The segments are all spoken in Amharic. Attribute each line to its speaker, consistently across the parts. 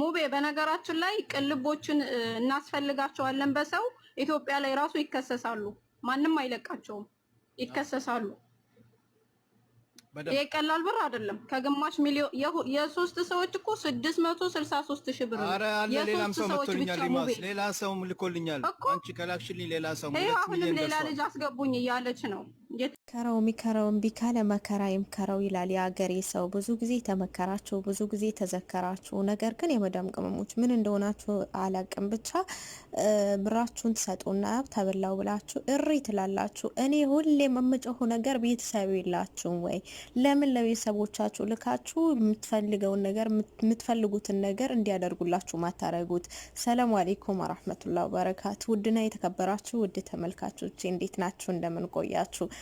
Speaker 1: ሙቤ በነገራችን ላይ ቅልቦችን እናስፈልጋቸዋለን። በሰው ኢትዮጵያ ላይ ራሱ ይከሰሳሉ። ማንም አይለቃቸውም፣ ይከሰሳሉ። ይሄ ቀላል ብር አይደለም። ከግማሽ ሚሊዮን የሶስት ሰዎች እኮ 663 ሺህ ብር ነው።
Speaker 2: ኧረ አለ ሌላም ሰው መጥቶልኛል። ዲማስ ሌላ ሰውም ልኮልኛል። አንቺ ከላክሽልኝ ሌላ ሰው
Speaker 1: ማለት ነው። ሌላ ልጅ አስገቡኝ እያለች ነው
Speaker 3: ከረው ሚከረው ቢካለ መከራ ይምከረው ይላል የአገሬ ሰው። ብዙ ጊዜ ተመከራችሁ፣ ብዙ ጊዜ ተዘከራችሁ። ነገር ግን የመዳም ቅመሞች ምን እንደሆናችሁ አላቅም። ብቻ ብራችሁን ትሰጡና ተበላው ብላችሁ እሪ ትላላችሁ። እኔ ሁሌ የምጮሁ ነገር ቤተሰብ የላችሁም ወይ? ለምን ለቤተሰቦቻችሁ ልካችሁ የምትፈልገውን ነገር የምትፈልጉትን ነገር እንዲያደርጉላችሁ ማታረጉት? ሰላም አሌይኩም ወራህመቱላሂ ወበረካቱ። ውድና የተከበራችሁ ውድ ተመልካቾች እንዴት ናችሁ? እንደምን ቆያችሁ?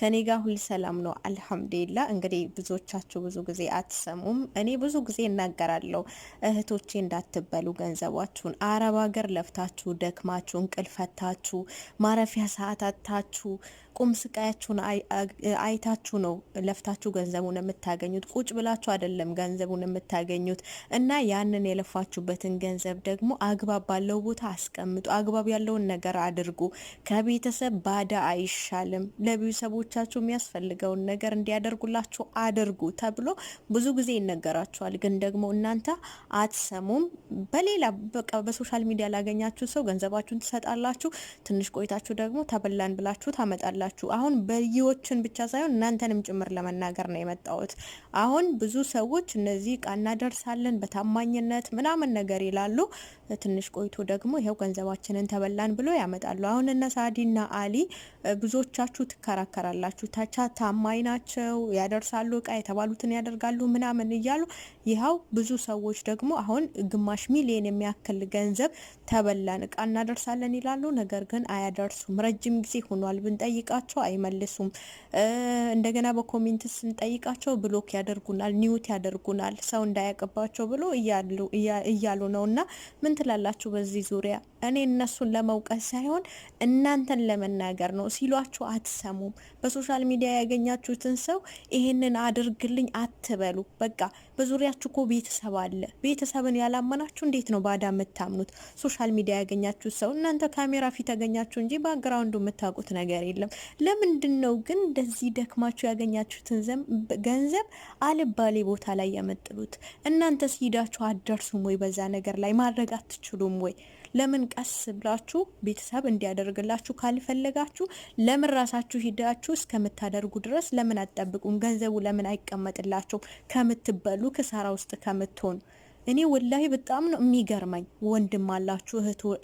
Speaker 3: ከኔ ጋር ሁል ሰላም ነው፣ አልሐምዱሊላ። እንግዲህ ብዙዎቻችሁ ብዙ ጊዜ አትሰሙም። እኔ ብዙ ጊዜ እናገራለሁ፣ እህቶቼ እንዳትበሉ ገንዘባችሁን። አረብ ሀገር ለፍታችሁ ደክማችሁ እንቅልፈታችሁ ማረፊያ ሰዓታታችሁ ቁም ስቃያችሁን አይታችሁ ነው ለፍታችሁ ገንዘቡን የምታገኙት። ቁጭ ብላችሁ አይደለም ገንዘቡን የምታገኙት። እና ያንን የለፋችሁበትን ገንዘብ ደግሞ አግባብ ባለው ቦታ አስቀምጡ። አግባብ ያለውን ነገር አድርጉ። ከቤተሰብ ባዳ አይሻልም ለቤተሰቡ ቤተሰቦቻችሁ የሚያስፈልገውን ነገር እንዲያደርጉላችሁ አድርጉ ተብሎ ብዙ ጊዜ ይነገራችኋል። ግን ደግሞ እናንተ አትሰሙም። በሌላ በቃ በሶሻል ሚዲያ ላገኛችሁ ሰው ገንዘባችሁን ትሰጣላችሁ። ትንሽ ቆይታችሁ ደግሞ ተበላን ብላችሁ ታመጣላችሁ። አሁን በይዎችን ብቻ ሳይሆን እናንተንም ጭምር ለመናገር ነው የመጣሁት። አሁን ብዙ ሰዎች እነዚህ ቃ እናደርሳለን በታማኝነት ምናምን ነገር ይላሉ። ትንሽ ቆይቶ ደግሞ ይኸው ገንዘባችንን ተበላን ብሎ ያመጣሉ። አሁን እነ ሳዲና አሊ ብዙዎቻችሁ ትከራከራል ትችላላችሁ፣ ታቻ ታማኝ ናቸው፣ ያደርሳሉ፣ እቃ የተባሉትን ያደርጋሉ ምናምን እያሉ ይኸው ብዙ ሰዎች ደግሞ አሁን ግማሽ ሚሊዮን የሚያክል ገንዘብ ተበላን እቃ እናደርሳለን ይላሉ። ነገር ግን አያደርሱም። ረጅም ጊዜ ሆኗል ብንጠይቃቸው አይመልሱም። እንደገና በኮሜንት ስንጠይቃቸው ብሎክ ያደርጉናል፣ ኒውት ያደርጉናል ሰው እንዳያቅባቸው ብሎ እያሉ ነው። እና ምን ትላላችሁ በዚህ ዙሪያ? እኔ እነሱን ለመውቀስ ሳይሆን እናንተን ለመናገር ነው። ሲሏችሁ አትሰሙም። በሶሻል ሚዲያ ያገኛችሁትን ሰው ይሄንን አድርግልኝ አትበሉ። በቃ በዙሪያችሁ እኮ ቤተሰብ አለ። ቤተሰብን ያላመናችሁ እንዴት ነው ባዳ የምታምኑት? ሶሻል ሚዲያ ያገኛችሁት ሰው እናንተ ካሜራ ፊት ያገኛችሁ እንጂ ባክግራውንዱ የምታውቁት ነገር የለም። ለምንድን ነው ግን እንደዚህ ደክማችሁ ያገኛችሁትን ገንዘብ አልባሌ ቦታ ላይ ያመጥሉት? እናንተስ ሂዳችሁ አደርሱም ወይ? በዛ ነገር ላይ ማድረግ አትችሉም ወይ? ለምን ቀስ ብላችሁ ቤተሰብ እንዲያደርግላችሁ ካልፈለጋችሁ ለምን ራሳችሁ ሂዳችሁ እስከምታደርጉ ድረስ ለምን አትጠብቁም? ገንዘቡ ለምን አይቀመጥላችሁ ከምትበሉ ክሳራ ውስጥ ከምትሆኑ እኔ ወላሂ በጣም ነው የሚገርመኝ። ወንድም አላችሁ፣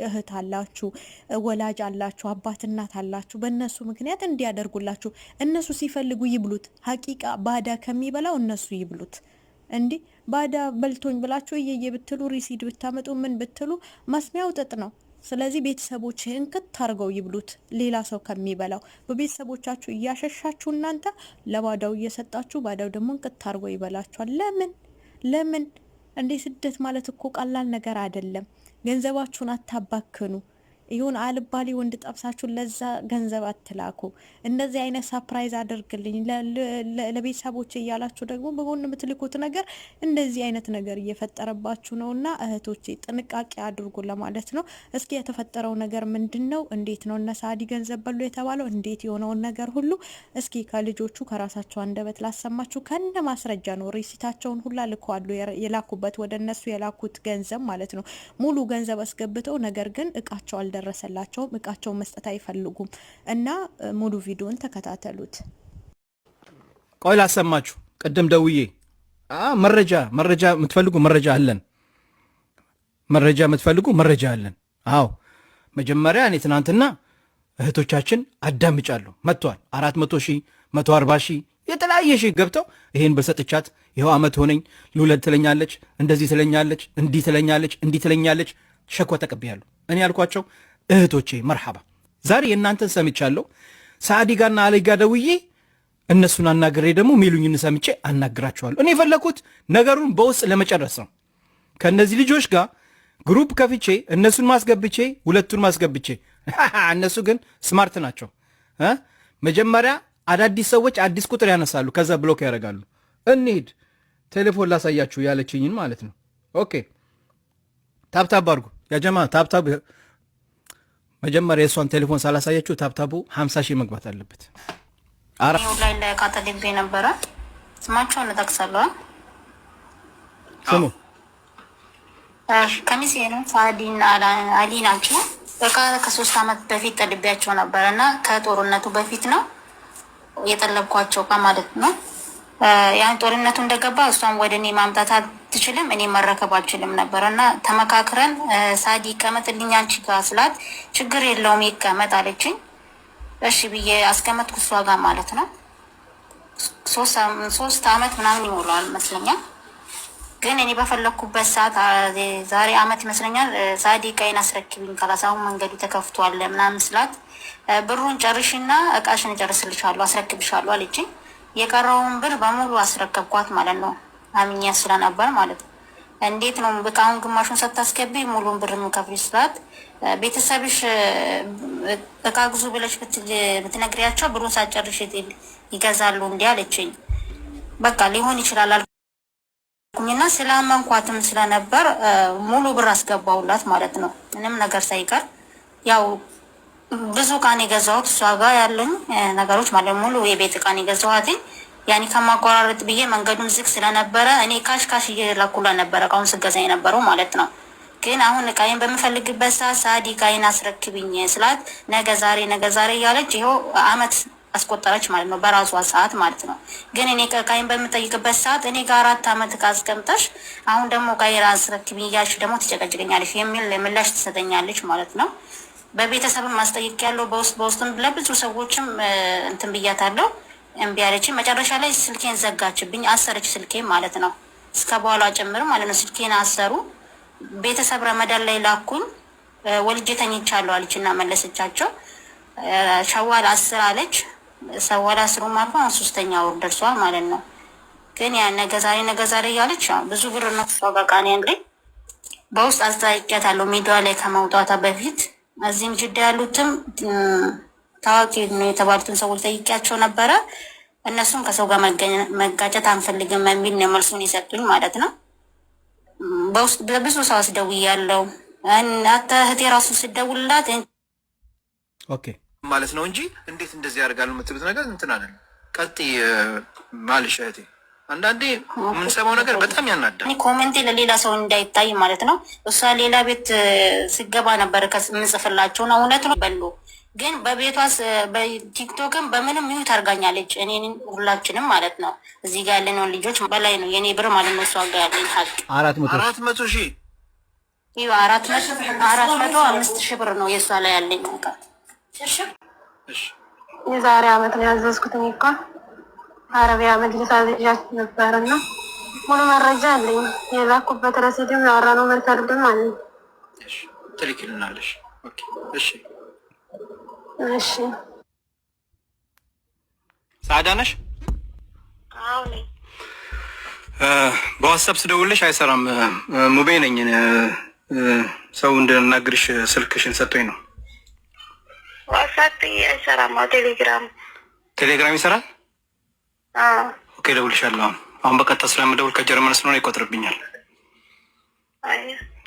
Speaker 3: እህት አላችሁ፣ ወላጅ አላችሁ፣ አባት እናት አላችሁ። በእነሱ ምክንያት እንዲያደርጉላችሁ እነሱ ሲፈልጉ ይብሉት። ሀቂቃ ባዳ ከሚበላው እነሱ ይብሉት። እንዴ ባዳ በልቶኝ ብላችሁ እየየ ብትሉ ሪሲድ ብታመጡ ምን ብትሉ ማስሚያው ጥጥ ነው። ስለዚህ ቤተሰቦችህን ክት አድርገው ይብሉት ሌላ ሰው ከሚበላው በቤተሰቦቻችሁ እያሸሻችሁ እናንተ ለባዳው እየሰጣችሁ ባዳው ደግሞ እንክት አርገው ይበላችኋል። ለምን ለምን እንዴ ስደት ማለት እኮ ቀላል ነገር አይደለም። ገንዘባችሁን አታባክኑ። ይሁን አልባሌ ወንድ ጠብሳችሁ ለዛ ገንዘብ አትላኩ። እንደዚህ አይነት ሳፕራይዝ አድርግልኝ ለቤተሰቦች እያላችሁ ደግሞ በጎን የምትልኩት ነገር እንደዚህ አይነት ነገር እየፈጠረባችሁ ነው እና እህቶቼ ጥንቃቄ አድርጉ ለማለት ነው። እስኪ የተፈጠረው ነገር ምንድን ነው? እንዴት ነው እነ ሳዲ ገንዘብ በሉ የተባለው? እንዴት የሆነውን ነገር ሁሉ እስኪ ከልጆቹ ከራሳቸው አንደበት ላሰማችሁ። ከነ ማስረጃ ነው። ሪሲታቸውን ሁላ ልከዋሉ። የላኩበት ወደ እነሱ የላኩት ገንዘብ ማለት ነው። ሙሉ ገንዘብ አስገብተው ነገር ግን እቃቸው አልደ አልደረሰላቸውም፣ እቃቸውን መስጠት አይፈልጉም። እና ሙሉ ቪዲዮን ተከታተሉት።
Speaker 2: ቆይ ላሰማችሁ። ቅድም ደውዬ መረጃ መረጃ የምትፈልጉ መረጃ አለን፣ መረጃ የምትፈልጉ መረጃ አለን። አዎ መጀመሪያ እኔ ትናንትና እህቶቻችን አዳምጫለሁ መጥቷል። አራት መቶ ሺህ መቶ አርባ ሺህ የተለያየ ሺህ ገብተው ይህን በሰጥቻት ይኸው ዓመት ሆነኝ ልውለድ ትለኛለች፣ እንደዚህ ትለኛለች፣ እንዲህ ትለኛለች፣ እንዲህ ትለኛለች። ሸኮ ተቀብያለሁ። እኔ ያልኳቸው እህቶቼ መርሐባ። ዛሬ የእናንተን ሰምቻለሁ። ሳዕዲ ጋርና ደውዬ እነሱን አናግሬ ደግሞ ሚሉኝን ሰምቼ አናግራቸዋለሁ። እኔ የፈለግኩት ነገሩን በውስጥ ለመጨረስ ነው። ከእነዚህ ልጆች ጋር ግሩፕ ከፍቼ እነሱን ማስገብቼ ሁለቱን ማስገብቼ፣ እነሱ ግን ስማርት ናቸው። መጀመሪያ አዳዲስ ሰዎች አዲስ ቁጥር ያነሳሉ፣ ከዛ ብሎክ ያደርጋሉ። እንሂድ ቴሌፎን ላሳያችሁ ያለችኝን ማለት ነው። ኦኬ ታብታብ አድርጉ ያጀማ ታብታብ መጀመሪያ የእሷን ቴሌፎን ሳላሳያችሁ ታብታቡ ሀምሳ ሺህ መግባት አለበት።
Speaker 1: ላይ እንዳይቃጠልቤ ነበረ። ስማቸውን እጠቅሳለሁ። ስሙ ከሚሴ ነው። ሳዲና አሊ ናቸው። በቃ ከሶስት አመት በፊት ጠልቤያቸው ነበረ እና ከጦርነቱ በፊት ነው የጠለብኳቸው እቃ ማለት ነው ያን ጦርነቱ እንደገባ እሷን ወደ እኔ ማምጣት አትችልም፣ እኔ መረከብ አልችልም ነበር እና ተመካክረን ሳዲ ይቀመጥልኝ አንቺ ጋ ስላት ችግር የለውም ይቀመጥ አለችኝ። እሺ ብዬ አስቀመጥኩ እሷ ጋር ማለት ነው። ሶስት አመት ምናምን ይሞላዋል ይመስለኛል። ግን እኔ በፈለግኩበት ሰዓት ዛሬ አመት ይመስለኛል ሳዲ ቀይን አስረክብኝ ካላሳሁን መንገዱ ተከፍቷል ምናምን ስላት ብሩን ጨርሽና እቃሽን እጨርስልሻለሁ አስረክብሻለሁ አለችኝ። የቀረውን ብር በሙሉ አስረከብኳት ማለት ነው። አምኛ ስለነበር ማለት ነው። እንዴት ነው በቃ ግማሹን ሳታስገቢ ሙሉን ብር የምከፍል ስላት ቤተሰብሽ በቃ ግዙ ብለሽ ብትነግሪያቸው ብሩን ሳጨርሽ ይገዛሉ እንዲ አለችኝ። በቃ ሊሆን ይችላል አልኩኝና ስላመንኳትም ስለነበር ሙሉ ብር አስገባውላት ማለት ነው ምንም ነገር ሳይቀር ያው ብዙ እቃን የገዛሁት እሷ ጋር ያለኝ ነገሮች ማለት ሙሉ የቤት እቃን የገዛኋትኝ ያኔ ከማቆራረጥ ብዬ መንገዱን ዝግ ስለነበረ እኔ ካሽ ካሽ እየላኩላ ነበረ እቃውን ስገዛ የነበረው ማለት ነው። ግን አሁን እቃዬን በምፈልግበት ሰዓት ሳዲ እቃዬን አስረክብኝ ስላት ነገ ዛሬ ነገ ዛሬ እያለች ይኸው አመት አስቆጠረች ማለት ነው፣ በራሷ ሰዓት ማለት ነው። ግን እኔ እቃዬን በምጠይቅበት ሰዓት እኔ ጋር አራት አመት እቃ አስቀምጠሽ አሁን ደግሞ እቃዬን አስረክብኝ እያልሽ ደግሞ ትጨቀጭቀኛለች የሚል ምላሽ ትሰጠኛለች ማለት ነው። በቤተሰብም ማስጠየቅ ያለው በውስጥ በውስጥም ለብዙ ሰዎችም እንትን ብያታለሁ። እምቢ አለችኝ። መጨረሻ ላይ ስልኬን ዘጋችብኝ፣ አሰረች ስልኬን ማለት ነው። እስከ በኋላ ጭምር ማለት ነው። ስልኬን አሰሩ። ቤተሰብ ረመዳን ላይ ላኩኝ። ወልጄ ተኝቻለሁ እና መለሰቻቸው። ሸዋል አስር አለች። ሸዋል አስሩ አልፎ አሁን ሶስተኛ ወር ደርሷል ማለት ነው። ግን ያ ነገ ዛሬ ነገ ዛሬ እያለች ብዙ ብር ነው። በቃ እኔ እንግዲህ በውስጥ አስተያየት አለው ሚዲያ ላይ ከመውጣቷ በፊት እዚህም ጅዳ ያሉትም ታዋቂ የተባሉትን ሰዎች ጠይቄያቸው ነበረ። እነሱም ከሰው ጋር መጋጨት አንፈልግም የሚል ነው መልሱን የሰጡኝ ማለት ነው። በውስጥ ለብዙ ሰው አስደውያለሁ። አተ እህቴ ራሱ ስደውልላት
Speaker 2: ማለት ነው እንጂ እንዴት እንደዚህ ያደርጋሉ የምትሉት ነገር እንትን አለ። ቀጥ ማልሽ እህቴ አንዳንዴ የምንሰማው ነገር በጣም ያናዳል።
Speaker 1: ኮሜንቴ ለሌላ ሰው እንዳይታይ ማለት ነው። እሷ ሌላ ቤት ስገባ ነበር የምጽፍላቸው ነው። እውነት ነው በሉ ግን በቤቷ በቲክቶክም በምንም ይሁት አድርጋኛለች። እኔን ሁላችንም ማለት ነው እዚህ ጋር ያለነው ልጆች በላይ ነው የኔ ብር ማለት ነው። እሷ ጋር ያለኝ ሀቅ
Speaker 2: አራት መቶ አራት መቶ ሺ
Speaker 1: ሺህ አራት መቶ አራት መቶ አምስት ሺ ብር ነው የእሷ ላይ ያለኝ። የዛሬ አመት ነው ያዘዝኩትኝ እኳ አረቢያ መድረሳ ልጃችሁ ነበርና ሙሉ መረጃ አለኝ። የላኩበት ረሲድም ያወራነው መርተርድም አለ
Speaker 2: ትልክልናለሽ። እሺ፣ እሺ። ሳዳ ነሽ? በዋትሳፕ ስደውልሽ አይሰራም። ሙቤ ነኝ። ሰው እንድናግርሽ ስልክሽን ሰጥቶኝ ነው።
Speaker 1: ዋትሳፕ አይሰራም። ቴሌግራም
Speaker 2: ቴሌግራም ይሰራል። ኦኬ፣ እደውልልሻለሁ። አሁን አሁን በቀጥታ ስለምደውል ከጀርመን ስለሆነ ይቆጥርብኛል።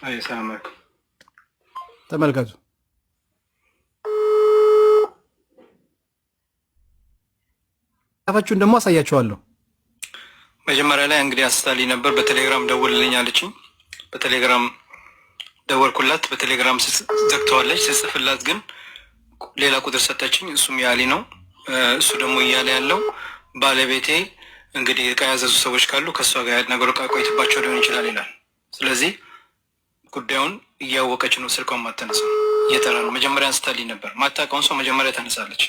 Speaker 2: አይ ሰላም አለይኩም። ተመልከቱ ጻፋችሁን ደግሞ አሳያችኋለሁ። መጀመሪያ ላይ እንግዲህ አስታልኝ ነበር። በቴሌግራም ደውልልኝ አለችኝ። በቴሌግራም ደወልኩላት። በቴሌግራም ዘግተዋለች። ስጽፍላት ግን ሌላ ቁጥር ሰጠችኝ። እሱም ያሊ ነው። እሱ ደግሞ እያለ ያለው ባለቤቴ እንግዲህ እቃ ያዘዙ ሰዎች ካሉ ከእሷ ጋር ነገሩ ቆይትባቸው ሊሆን ይችላል ይላል። ስለዚህ ጉዳዩን እያወቀች ነው ስልኳን ማተነሳ እየጠራ ነው። መጀመሪያ አንስታልኝ ነበር። ማታውቀውን ሰው መጀመሪያ ታነሳለች።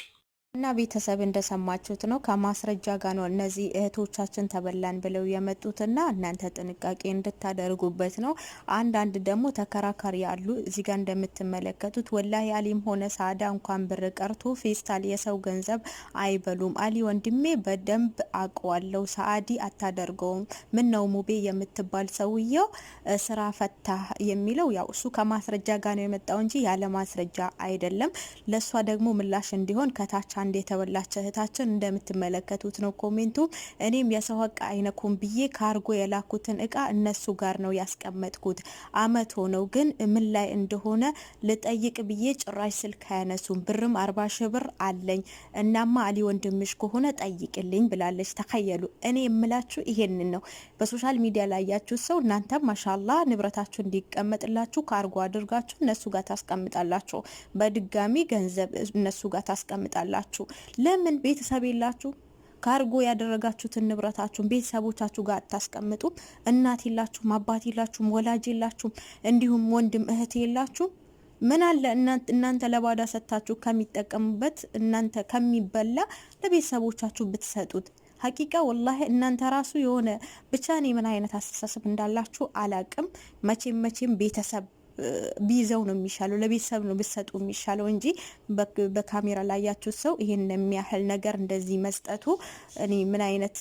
Speaker 3: እና ቤተሰብ እንደሰማችሁት ነው። ከማስረጃ ጋር ነው እነዚህ እህቶቻችን ተበላን ብለው የመጡትና እናንተ ጥንቃቄ እንድታደርጉበት ነው። አንዳንድ ደግሞ ተከራካሪ ያሉ እዚህ ጋር እንደምትመለከቱት ወላሂ አሊም ሆነ ሳዳ እንኳን ብር ቀርቶ ፌስታል የሰው ገንዘብ አይበሉም። አሊ ወንድሜ በደንብ አውቀዋለሁ። ሳአዲ አታደርገውም። ምን ነው ሙቤ የምትባል ሰውየው ስራ ፈታ የሚለው ያው እሱ ከማስረጃ ጋር ነው የመጣው እንጂ ያለ ማስረጃ አይደለም። ለእሷ ደግሞ ምላሽ እንዲሆን ከታቻ አንድ የተበላች እህታችን እንደምትመለከቱት ነው ኮሜንቱ። እኔም የሰው ሀቅ አይነኩም ብዬ ካርጎ የላኩትን እቃ እነሱ ጋር ነው ያስቀመጥኩት። አመት ሆነው ግን ምን ላይ እንደሆነ ልጠይቅ ብዬ ጭራሽ ስልክ አያነሱም። ብርም አርባ ሺ ብር አለኝ። እናማ አሊ ወንድምሽ ከሆነ ጠይቅልኝ ብላለች። ተከየሉ። እኔ የምላችሁ ይሄንን ነው። በሶሻል ሚዲያ ላይ ያያችሁ ሰው እናንተም ማሻላ ንብረታችሁ እንዲቀመጥላችሁ ካርጎ አድርጋችሁ እነሱ ጋር ታስቀምጣላችሁ። በድጋሚ ገንዘብ እነሱ ጋር ታስቀምጣላችሁ። አላችሁ? ለምን ቤተሰብ የላችሁ? ካርጎ ያደረጋችሁትን ንብረታችሁን ቤተሰቦቻችሁ ጋር አታስቀምጡም? እናት የላችሁም? አባት የላችሁም? ወላጅ የላችሁም? እንዲሁም ወንድም እህት የላችሁም? ምን አለ እናንተ ለባዳ ሰጥታችሁ ከሚጠቀሙበት እናንተ ከሚበላ ለቤተሰቦቻችሁ ብትሰጡት ሀቂቃ ወላሂ እናንተ ራሱ የሆነ ብቻ እኔ ምን አይነት አስተሳሰብ እንዳላችሁ አላቅም። መቼም መቼም ቤተሰብ ቢይዘው ነው የሚሻለው፣ ለቤተሰብ ነው ብሰጡ የሚሻለው እንጂ በካሜራ ላይ ሰው ይሄን የሚያህል ነገር እንደዚህ መስጠቱ እኔ ምን አይነት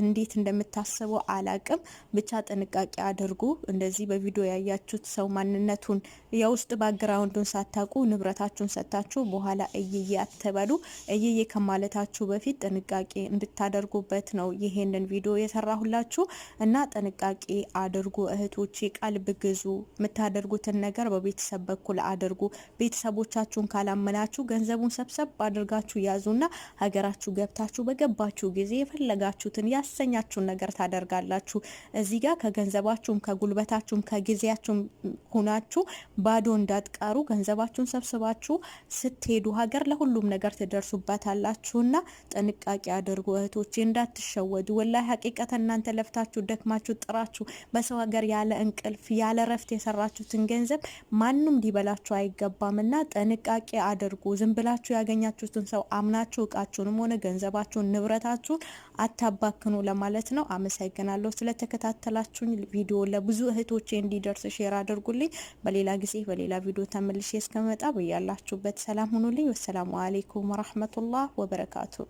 Speaker 3: እንዴት እንደምታስበው አላቅም። ብቻ ጥንቃቄ አድርጉ። እንደዚህ በቪዲዮ ያያችሁት ሰው ማንነቱን የውስጥ ባግራውንዱን ሳታውቁ ንብረታችሁን ሰጥታችሁ በኋላ እይዬ አትበሉ። እይዬ ከማለታችሁ በፊት ጥንቃቄ እንድታደርጉበት ነው ይሄንን ቪዲዮ የሰራሁላችሁ እና ጥንቃቄ አድርጉ እህቶቼ፣ ቀልብ ግዙ የምታደርጉት ያደረጉትን ነገር በቤተሰብ በኩል አድርጉ። ቤተሰቦቻችሁን ካላመናችሁ ገንዘቡን ሰብሰብ አድርጋችሁ ያዙና ሀገራችሁ ገብታችሁ በገባችሁ ጊዜ የፈለጋችሁትን ያሰኛችሁን ነገር ታደርጋላችሁ። እዚህ ጋር ከገንዘባችሁም ከጉልበታችሁም ከጊዜያችሁም ሁናችሁ ባዶ እንዳትቀሩ ገንዘባችሁን ሰብስባችሁ ስትሄዱ ሀገር ለሁሉም ነገር ትደርሱበታላችሁና ጥንቃቄ አድርጉ እህቶቼ፣ እንዳትሸወዱ። ወላሂ ሀቂቀት እናንተ ለፍታችሁ ደክማችሁ ጥራችሁ በሰው ሀገር ያለ እንቅልፍ ያለ ረፍት የሰራችሁትን ገንዘብ ማንም ሊበላችሁ እና ጥንቃቄ አድርጉ። ዝም ብላችሁ ያገኛችሁትን ሰው አምናችሁ እቃችሁንም ሆነ ገንዘባችሁን ንብረታችሁን አታባክኑ ለማለት ነው። አመሰግናለሁ ስለተከታተላችሁኝ። ቪዲዮ ለብዙ እህቶቼ እንዲደርስ ሼር አድርጉልኝ። በሌላ ጊዜ በሌላ ቪዲዮ ተመልሼ እስከመጣ በያላችሁበት ሰላም ሁኑልኝ። ወሰላሙ አሌይኩም ወረህመቱላህ ወበረካቱ።